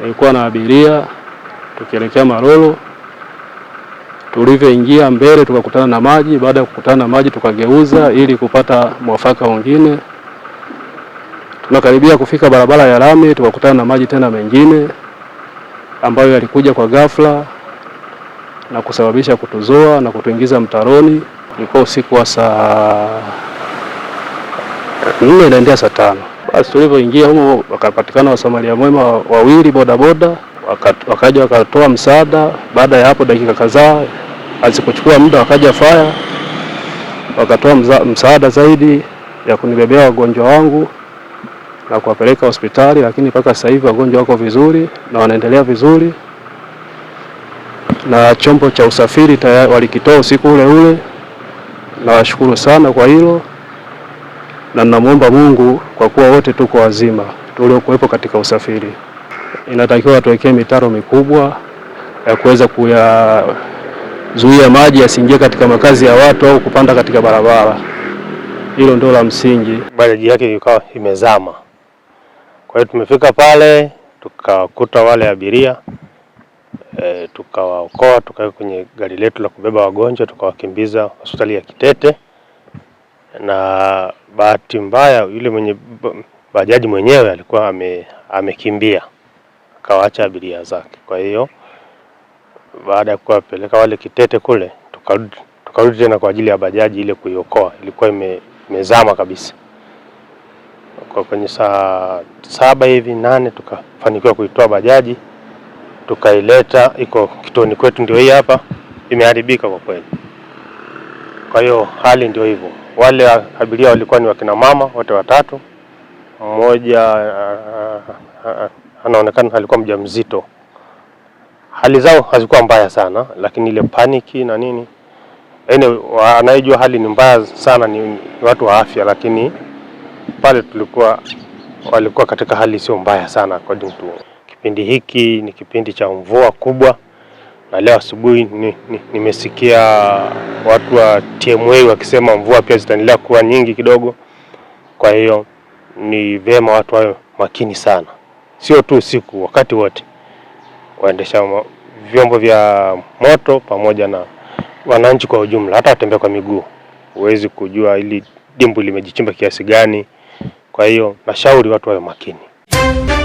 nilikuwa na abiria tukielekea Malolo. Tulivyoingia mbele tukakutana na maji. Baada ya kukutana na maji, tukageuza ili kupata mwafaka mwingine. Tunakaribia kufika barabara ya lami, tukakutana na maji tena mengine ambayo yalikuja kwa ghafla na kusababisha kutuzoa na kutuingiza mtaroni. Ilikuwa usiku wa saa nne inaendea saa tano. Basi tulivyoingia humo wakapatikana wasamaria mwema wawili bodaboda, wakaja wakatoa msaada. Baada ya hapo dakika kadhaa, hazikuchukua muda, wakaja faya wakatoa msaada zaidi ya kunibebea wagonjwa wangu na kuwapeleka hospitali, lakini mpaka sasa hivi wagonjwa wako vizuri na wanaendelea vizuri, na chombo cha usafiri tayari walikitoa usiku ule ule. Nawashukuru sana kwa hilo na namwomba Mungu kwa kuwa wote tuko wazima tuliokuwepo katika usafiri, inatakiwa tuwekee mitaro mikubwa ya kuweza kuyazuia maji yasiingie katika makazi ya watu au kupanda katika barabara. Hilo ndio la msingi. Bajaji yake ikawa imezama, kwa hiyo tumefika pale tukawakuta wale abiria e, tukawaokoa tukaweka kwenye gari letu la kubeba wagonjwa tukawakimbiza hospitali ya Kitete na bahati mbaya yule mwenye bajaji mwenyewe alikuwa ame, amekimbia akawaacha abiria zake. Kwa hiyo baada ya kuwapeleka wale Kitete kule, tukarudi tena kwa ajili ya bajaji ile kuiokoa, ilikuwa ime, imezama kabisa. Kwa kwenye saa saba hivi nane tukafanikiwa kuitoa bajaji tukaileta, iko kituoni kwetu, ndio hii hapa, imeharibika kwa kweli. Kwa hiyo hali ndio hivyo. Wale abiria walikuwa ni wakina mama wote watatu. Mmoja eh, eh, eh, anaonekana alikuwa mjamzito. Hali zao hazikuwa mbaya sana, lakini ile paniki na nini, yaani anayejua hali ni mbaya sana ni watu wa afya, lakini pale tulikuwa walikuwa katika hali sio mbaya sana. Kipindi hiki ni kipindi cha mvua kubwa. Ah, leo asubuhi nimesikia ni watu wa TMA wakisema mvua pia zitaendelea kuwa nyingi kidogo. Kwa hiyo ni vema watu wawe makini sana, sio tu usiku, wakati wote waendesha vyombo vya moto pamoja na wananchi kwa ujumla, hata watembea kwa miguu. Huwezi kujua ili dimbwi limejichimba kiasi gani. Kwa hiyo nashauri watu wawe makini.